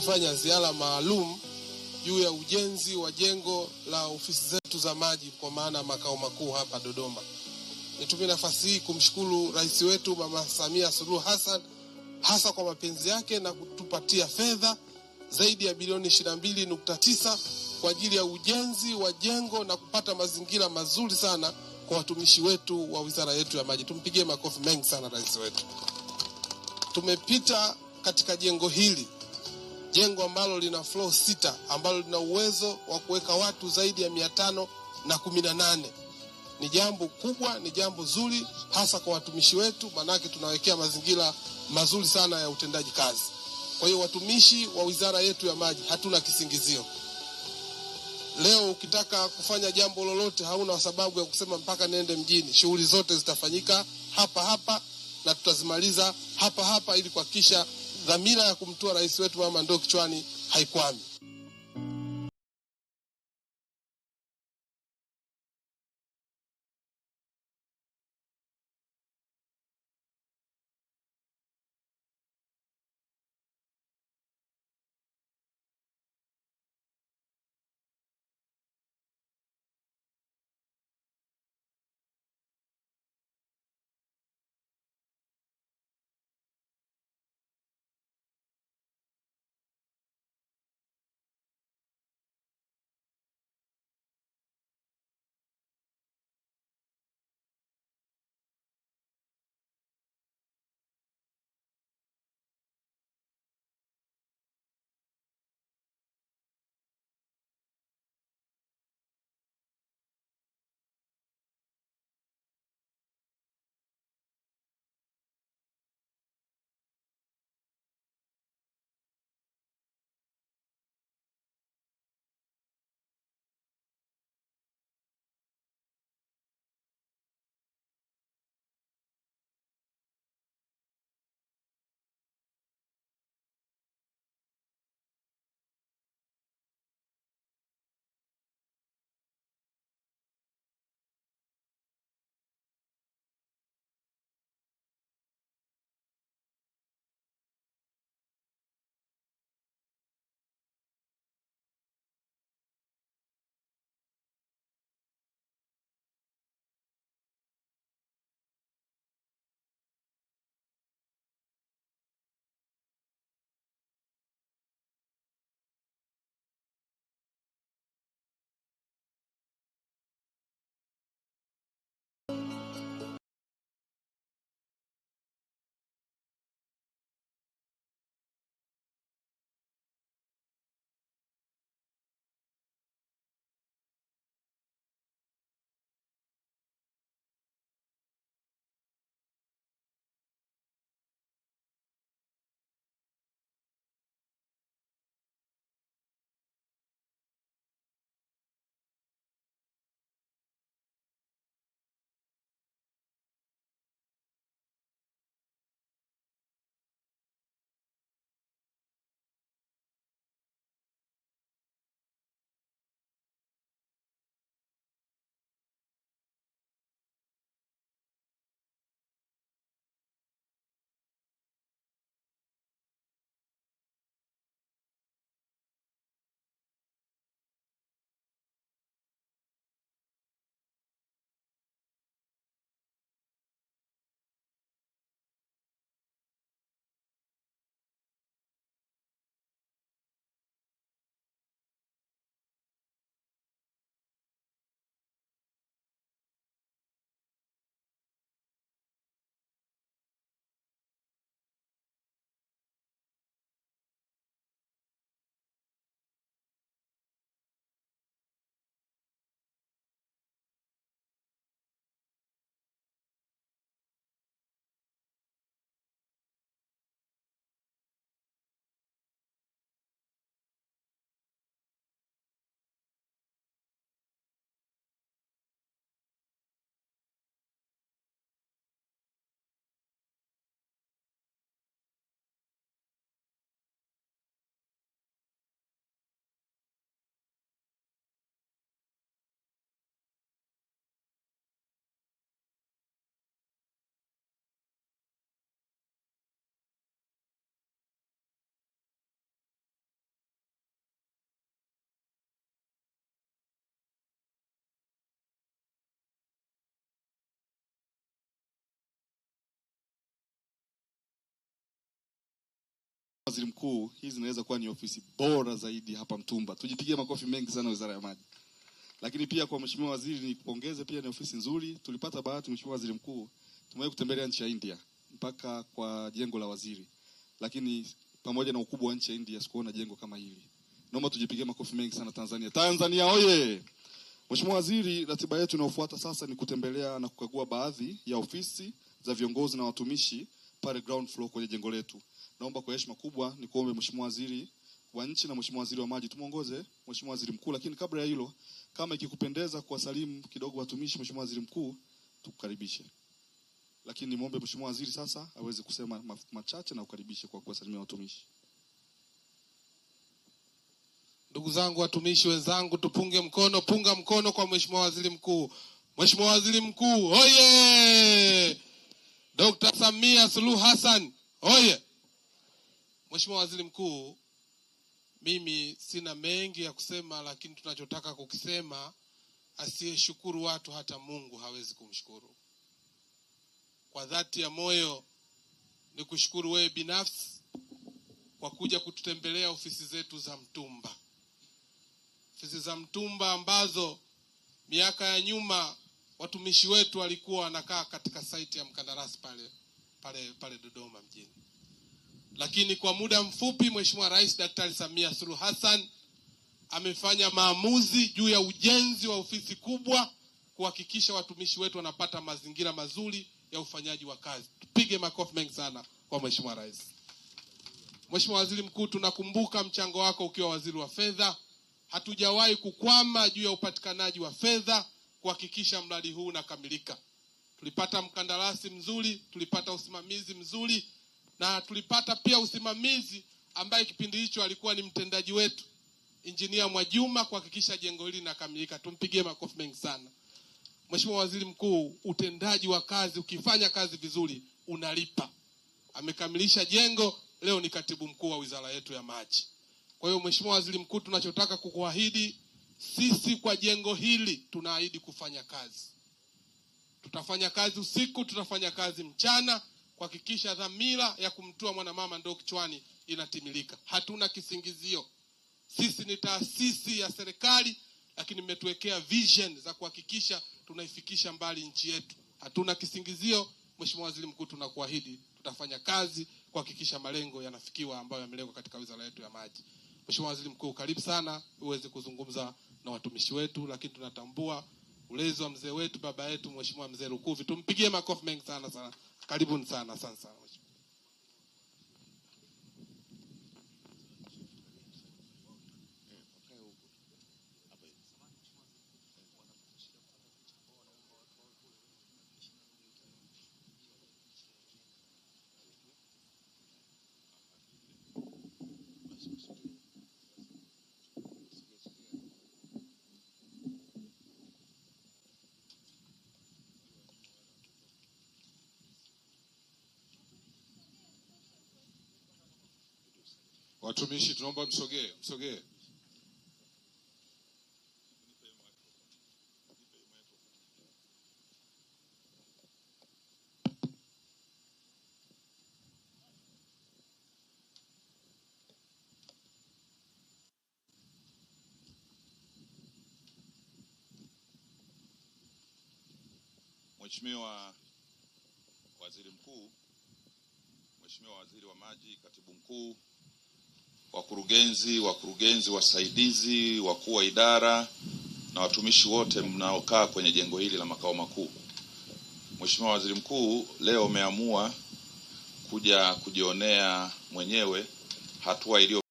tumefanya ziara maalum juu ya ujenzi wa jengo la ofisi zetu za maji kwa maana makao makuu hapa Dodoma. Nitumie nafasi hii kumshukuru rais wetu Mama Samia Suluhu Hassan hasa kwa mapenzi yake na kutupatia fedha zaidi ya bilioni 22.9 kwa ajili ya ujenzi wa jengo na kupata mazingira mazuri sana kwa watumishi wetu wa wizara yetu ya maji. Tumpigie makofi mengi sana rais wetu. Tumepita katika jengo hili jengo ambalo lina floor sita ambalo lina uwezo wa kuweka watu zaidi ya mia tano na kumi na nane. Ni jambo kubwa, ni jambo zuri hasa kwa watumishi wetu, maanake tunawekea mazingira mazuri sana ya utendaji kazi. Kwa hiyo watumishi wa wizara yetu ya maji hatuna kisingizio. Leo ukitaka kufanya jambo lolote, hauna sababu ya kusema mpaka niende mjini. Shughuli zote zitafanyika hapa hapa na tutazimaliza hapa hapa ili kuhakikisha dhamira ya kumtoa rais wetu mama ndo kichwani haikwami. Waziri Mkuu, hii zinaweza kuwa ni ofisi bora zaidi hapa Mtumba. Tujipigie makofi mengi sana Wizara ya Maji. Lakini pia kwa Mheshimiwa Waziri nikupongeze, pia ni ofisi nzuri. Tulipata bahati Mheshimiwa Waziri Mkuu, tumewahi kutembelea nchi ya India mpaka kwa jengo la waziri, lakini pamoja na ukubwa wa nchi ya India sikuona jengo kama hili. Naomba tujipigie makofi mengi sana Tanzania. Tanzania oye! Mheshimiwa Waziri, ratiba yetu inayofuata sasa ni kutembelea na kukagua baadhi ya ofisi za viongozi na watumishi pale ground floor kwenye jengo letu. Naomba kwa heshima kubwa ni kuombe Mheshimiwa Waziri wa Nchi na Mheshimiwa Waziri wa Maji, tumuongoze Mheshimiwa Waziri Mkuu. Lakini kabla ya hilo, kama ikikupendeza kuwasalimu kidogo watumishi, Mheshimiwa Waziri Mkuu, tukukaribishe. Lakini nimwombe Mheshimiwa Waziri sasa aweze kusema machache na ukaribishe kwa kuwasalimia watumishi. Ndugu zangu watumishi wenzangu, tupunge mkono, punga mkono kwa Mheshimiwa Waziri Mkuu. Mheshimiwa Waziri Mkuu oye! dr Samia Suluhu Hassan oye! Mheshimiwa Waziri Mkuu, mimi sina mengi ya kusema, lakini tunachotaka kukisema, asiyeshukuru watu hata Mungu hawezi kumshukuru. Kwa dhati ya moyo ni kushukuru wewe binafsi kwa kuja kututembelea ofisi zetu za Mtumba, ofisi za Mtumba ambazo miaka ya nyuma watumishi wetu walikuwa wanakaa katika saiti ya mkandarasi pale pale pale Dodoma mjini. Lakini kwa muda mfupi Mheshimiwa Rais Daktari Samia Suluhu Hassan amefanya maamuzi juu ya ujenzi wa ofisi kubwa kuhakikisha watumishi wetu wanapata mazingira mazuri ya ufanyaji wa kazi. Tupige makofi mengi sana kwa Mheshimiwa Rais. Mheshimiwa Waziri Mkuu, tunakumbuka mchango wako ukiwa waziri wa fedha. Hatujawahi kukwama juu ya upatikanaji wa fedha kuhakikisha mradi huu unakamilika. Tulipata mkandarasi mzuri, tulipata usimamizi mzuri na tulipata pia usimamizi ambaye kipindi hicho alikuwa ni mtendaji wetu Injinia Mwajuma kuhakikisha jengo hili linakamilika. Tumpigie makofi mengi sana. Mheshimiwa Waziri Mkuu, utendaji wa kazi, ukifanya kazi vizuri unalipa. Amekamilisha jengo, leo ni katibu mkuu wa wizara yetu ya maji. Kwa hiyo Mheshimiwa Waziri Mkuu, tunachotaka kukuahidi sisi kwa jengo hili, tunaahidi kufanya kazi, tutafanya kazi usiku, tutafanya kazi mchana kuhakikisha dhamira ya kumtua mwanamama ndoo kichwani inatimilika. Hatuna kisingizio, sisi ni taasisi ya serikali, lakini mmetuwekea vision za kuhakikisha tunaifikisha mbali nchi yetu. Hatuna kisingizio, Mheshimiwa Waziri Mkuu, tunakuahidi tutafanya kazi kuhakikisha malengo yanafikiwa ambayo yamelengwa katika wizara yetu ya maji. Mheshimiwa Waziri Mkuu, karibu sana uweze kuzungumza na watumishi wetu, lakini tunatambua ulezi wa mzee wetu baba yetu Mheshimiwa Mzee Lukuvi. Tumpigie makofi mengi sana sana. Karibuni sana sana sana. Watumishi tunaomba msogee, msogee. Mheshimiwa Waziri Mkuu, Mheshimiwa Waziri wa Maji, Katibu Mkuu wakurugenzi, wakurugenzi wasaidizi, wakuu wa idara na watumishi wote mnaokaa kwenye jengo hili la makao makuu. Mheshimiwa Waziri Mkuu, leo umeamua kuja kujionea mwenyewe hatua iliyo